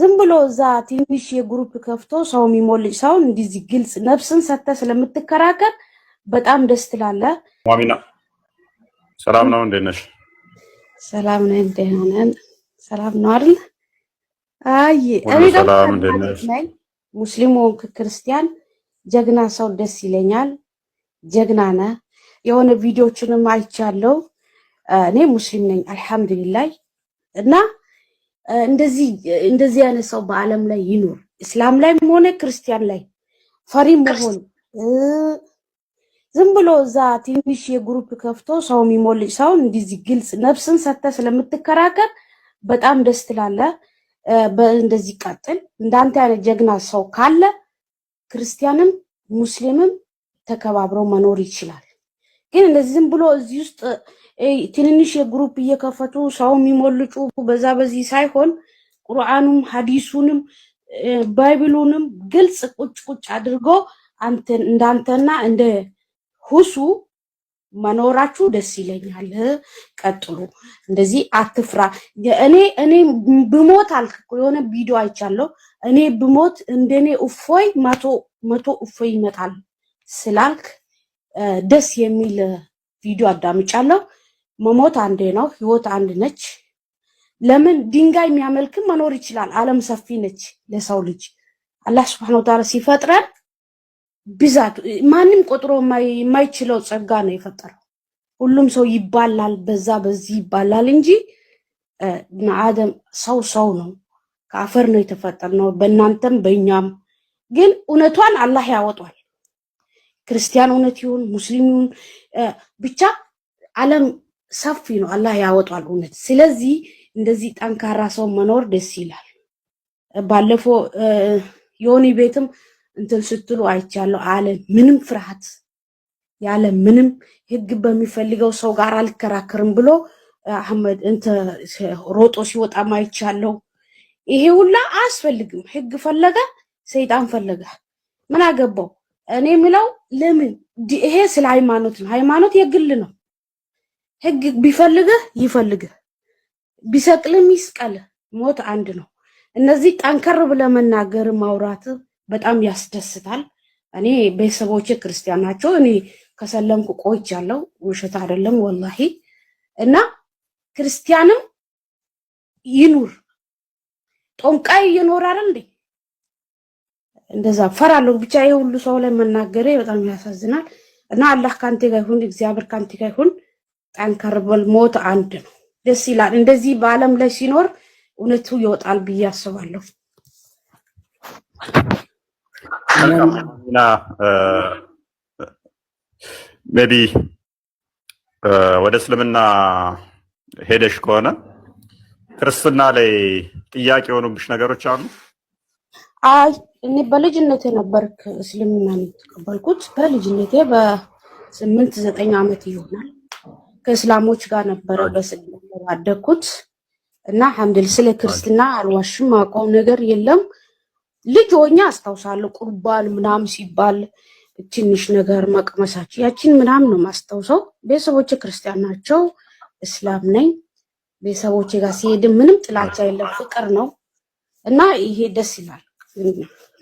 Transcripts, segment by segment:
ዝም ብሎ እዛ ትንሽ የግሩፕ ከፍቶ ሰው የሚሞልጭ ሰው እንዲህ ግልጽ ነፍስን ሰተ ስለምትከራከር በጣም ደስ ትላለ። ማሚና ሰላም ነው፣ እንዴት ነሽ? ሰላም ነው፣ እንዴት ነን? ሰላም ነው አይደል? አይ እኔ ደግሞ ሙስሊም ወንክ ክርስቲያን ጀግና ሰው ደስ ይለኛል። ጀግና ነ የሆነ ቪዲዮችንም አይቻለው። እኔ ሙስሊም ነኝ አልሐምዱሊላይ እና እንደዚህ እንደዚህ ያለ ሰው በአለም ላይ ይኖር። እስላም ላይም ሆነ ክርስቲያን ላይ ፈሪ መሆን ዝም ብሎ እዛ ትንሽ የግሩፕ ከፍቶ ሰው የሚሞል ሰው እንዲህ ግልጽ ነፍስን ሰተ ስለምትከራከር በጣም ደስ ትላለ። እንደዚህ ቀጥል። እንዳንተ አይነት ጀግና ሰው ካለ ክርስቲያንም ሙስሊምም ተከባብረው መኖር ይችላል። ግን እንደዚህ ዝም ብሎ እዚህ ውስጥ ትንንሽ የግሩፕ እየከፈቱ ሰው የሚሞልጩ በዛ በዚህ ሳይሆን ቁርአኑም ሀዲሱንም ባይብሉንም ግልጽ ቁጭ ቁጭ አድርጎ እንዳንተና እንደ ሁሱ መኖራችሁ ደስ ይለኛል። ቀጥሉ፣ እንደዚህ አትፍራ። እኔ እኔ ብሞት አልክ የሆነ ቪዲዮ አይቻለሁ። እኔ ብሞት እንደኔ እፎይ መቶ መቶ እፎይ ይመጣል ስላልክ ደስ የሚል ቪዲዮ አዳምጫለሁ። መሞት አንዴ ነው፣ ህይወት አንድ ነች። ለምን ድንጋይ የሚያመልክም መኖር ይችላል። ዓለም ሰፊ ነች ለሰው ልጅ አላህ ስብሐነሁ ወተዓላ ሲፈጥረን ብዛቱ ማንም ቆጥሮ የማይችለው ጸጋ ነው የፈጠረው። ሁሉም ሰው ይባላል፣ በዛ በዚህ ይባላል እንጂ አደም ሰው ሰው ነው፣ ከአፈር ነው ነው። በእናንተም በእኛም ግን እውነቷን አላህ ያወጧል። ክርስቲያን እውነት ይሁን ሙስሊም ይሁን ብቻ ዓለም ሰፊ ነው። አላህ ያወጣል እውነት። ስለዚህ እንደዚህ ጠንካራ ሰው መኖር ደስ ይላል። ባለፈው የሆኒ ቤትም እንትን ስትሉ አይቻለሁ። አለ ምንም ፍርሃት ያለ ምንም ህግ በሚፈልገው ሰው ጋር አልከራከርም ብሎ አህመድ እንተ ሮጦ ሲወጣ ማይቻለው። ይሄ ሁላ አያስፈልግም። ህግ ፈለገ፣ ሰይጣን ፈለገ፣ ምን አገባው? እኔ የምለው ለምን ይሄ ስለ ሃይማኖት ነው። ሃይማኖት የግል ነው። ህግ ቢፈልግህ ይፈልግህ፣ ቢሰቅልም ይስቀል፣ ሞት አንድ ነው። እነዚህ ጠንከር ብለህ መናገር ማውራት በጣም ያስደስታል። እኔ ቤተሰቦቼ ክርስቲያን ናቸው። እኔ ከሰለምኩ ቆይቻለሁ። ውሸት አይደለም ወላሂ። እና ክርስቲያንም ይኑር ጦንቃይ እየኖር አይደል እንዴ? እንደዛ ፈራለሁ። ብቻ ይሄ ሁሉ ሰው ላይ መናገሬ በጣም ያሳዝናል። እና አላህ ካንቴ ጋር ይሁን፣ እግዚአብሔር ካንቴ ጋር ይሁን። ጠንከር በል። ሞት አንድ ነው። ደስ ይላል። እንደዚህ በአለም ላይ ሲኖር እውነቱ ይወጣል ብዬ አስባለሁ። ሜቢ ወደ እስልምና ሄደሽ ከሆነ ክርስትና ላይ ጥያቄ የሆኑብሽ ነገሮች አሉ። አይ እኔ በልጅነቴ ነበርክ እስልምናን የተቀበልኩት በልጅነቴ በስምንት ዘጠኝ ዓመት ይሆናል። ከእስላሞች ጋር ነበረ በስደት ያደግኩት እና ሐምድል ስለ ክርስትና አልዋሽም፣ ማውቀው ነገር የለም። ልጅ ሆኜ አስታውሳለሁ ቁርባን ምናምን ሲባል ትንሽ ነገር መቅመሳችን ያችን ምናምን ነው ማስታውሰው ቤተሰቦች ክርስቲያን ናቸው፣ እስላም ነኝ። ቤተሰቦች ጋር ሲሄድ ምንም ጥላቻ የለም፣ ፍቅር ነው እና ይሄ ደስ ይላል።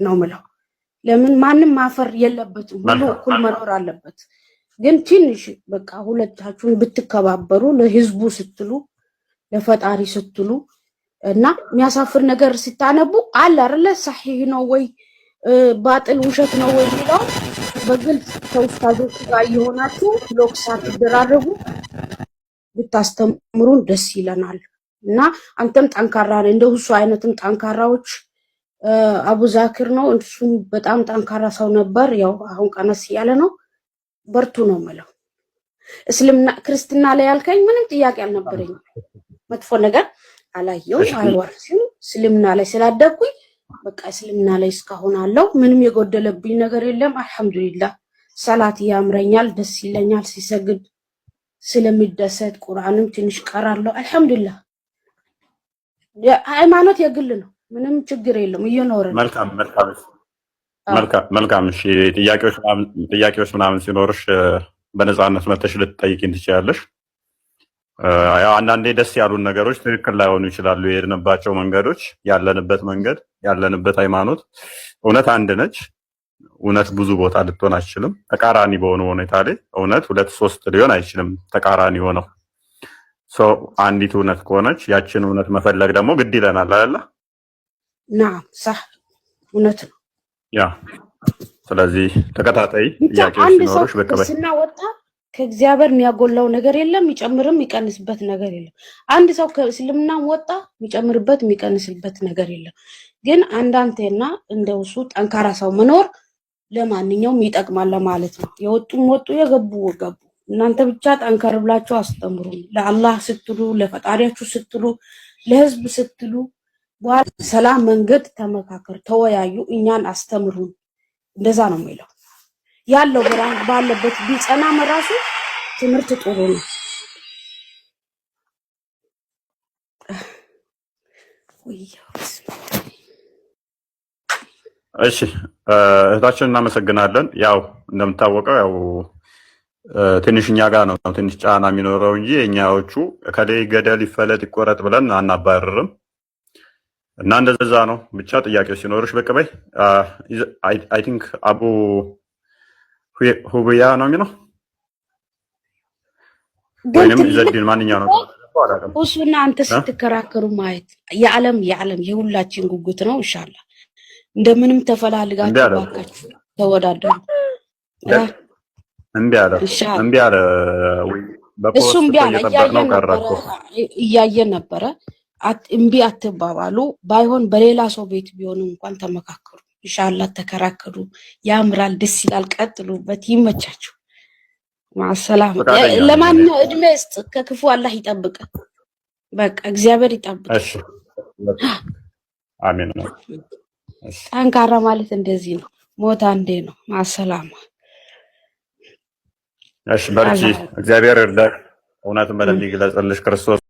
ነው ምለው። ለምን ማንም ማፈር የለበትም፣ ሁሉ እኩል መኖር አለበት። ግን ትንሽ በቃ ሁለታችሁን ብትከባበሩ ለህዝቡ ስትሉ ለፈጣሪ ስትሉ እና የሚያሳፍር ነገር ስታነቡ አለ አይደለ ሰሒህ ነው ወይ ባጥል ውሸት ነው ወይ የሚለው በግልጽ ጋር የሆናችሁ ብሎክ ሳትደራረጉ ብታስተምሩን ደስ ይለናል። እና አንተም ጠንካራ እንደ ሁሱ አይነትም ጠንካራዎች አቡዛኪር ነው። እሱም በጣም ጠንካራ ሰው ነበር። ያው አሁን ቀነስ እያለ ነው። በርቱ ነው ምለው። እስልምና ክርስትና ላይ ያልከኝ ምንም ጥያቄ አልነበረኝ። መጥፎ ነገር አላየውም፣ አይወርስም። እስልምና ላይ ስላደግኩኝ በቃ እስልምና ላይ እስካሁን አለው። ምንም የጎደለብኝ ነገር የለም። አልሐምዱሊላ ሰላት ያምረኛል፣ ደስ ይለኛል ሲሰግድ ስለሚደሰት ቁርአንም ትንሽ ቀራለሁ። አልሐምዱሊላህ። ሃይማኖት የግል ነው። ምንም ችግር የለም። እየኖረ መልካም መልካም መልካም መልካም። እሺ ጥያቄዎች ምናምን ሲኖርሽ በነፃነት መተሽ ልትጠይቂን ትችላለሽ። ያው አንዳንዴ ደስ ያሉን ነገሮች ትክክል ላይሆኑ ይችላሉ። የሄድንባቸው መንገዶች፣ ያለንበት መንገድ፣ ያለንበት ሃይማኖት እውነት አንድ ነች። እውነት ብዙ ቦታ ልትሆን አይችልም። ተቃራኒ በሆነ ሁኔታ ላይ እውነት ሁለት ሶስት ሊሆን አይችልም። ተቃራኒ ሆነው አንዲት እውነት ከሆነች ያችን እውነት መፈለግ ደግሞ ግድ ይለናል አይደለ? ና ሳ እውነት ነው። ያ ስለዚህ ተከታታይ ጥያቄዎች ሲኖሮች በቀበስና ወጣ ከእግዚአብሔር የሚያጎላው ነገር የለም፣ የሚጨምርም የሚቀንስበት ነገር የለም። አንድ ሰው ከእስልምና ወጣ የሚጨምርበት የሚቀንስበት ነገር የለም። ግን አንዳንቴና እንደ እሱ ጠንካራ ሰው መኖር ለማንኛውም ይጠቅማል ለማለት ነው። የወጡም ወጡ፣ የገቡ ገቡ። እናንተ ብቻ ጠንከር ብላችሁ አስተምሩ። ለአላህ ስትሉ፣ ለፈጣሪያችሁ ስትሉ፣ ለህዝብ ስትሉ ሰላም መንገድ ተመካከር፣ ተወያዩ፣ እኛን አስተምሩን። እንደዛ ነው የሚለው ያለው ባለበት ቢጸናም ራሱ ትምህርት ጥሩ ነው። እሺ እህታችን እናመሰግናለን። ያው እንደምታወቀው ያው ትንሽ እኛ ጋር ነው ትንሽ ጫና የሚኖረው እንጂ እኛዎቹ ከላይ ገደል ይፈለጥ ይቆረጥ ብለን አናባርርም። እና እንደዛ ነው ብቻ ጥያቄዎች ሲኖርሽ በቀበይ አይ ቲንክ አቡ ሁብያ ነው የሚለው ወይም ዘዲን ማንኛው ነው እሱ አንተ ስትከራከሩ ማየት የዓለም የዓለም የሁላችን ጉጉት ነው። እንሻላ እንደምንም ተፈላልጋችሁ እባካችሁ ተወዳደሩ። እምቢ አለ እምቢ አለ እሱ እምቢ አለ እያየን ነበረ እምቢ አትባባሉ። ባይሆን በሌላ ሰው ቤት ቢሆኑ እንኳን ተመካከሩ። ኢንሻላ ተከራከሩ። ያምራል፣ ደስ ይላል። ቀጥሉበት፣ ይመቻችሁ። ማሰላም። ለማን እድሜ ስጥ፣ ከክፉ አላህ ይጠብቀ። በቃ እግዚአብሔር ይጠብቅ። አሜን። ጠንካራ ማለት እንደዚህ ነው። ሞታ እንዴ ነው። ማሰላማ። እሺ፣ በርቺ። እግዚአብሔር እርዳ። እውነትን በደንብ ይግለጽልሽ ክርስቶስ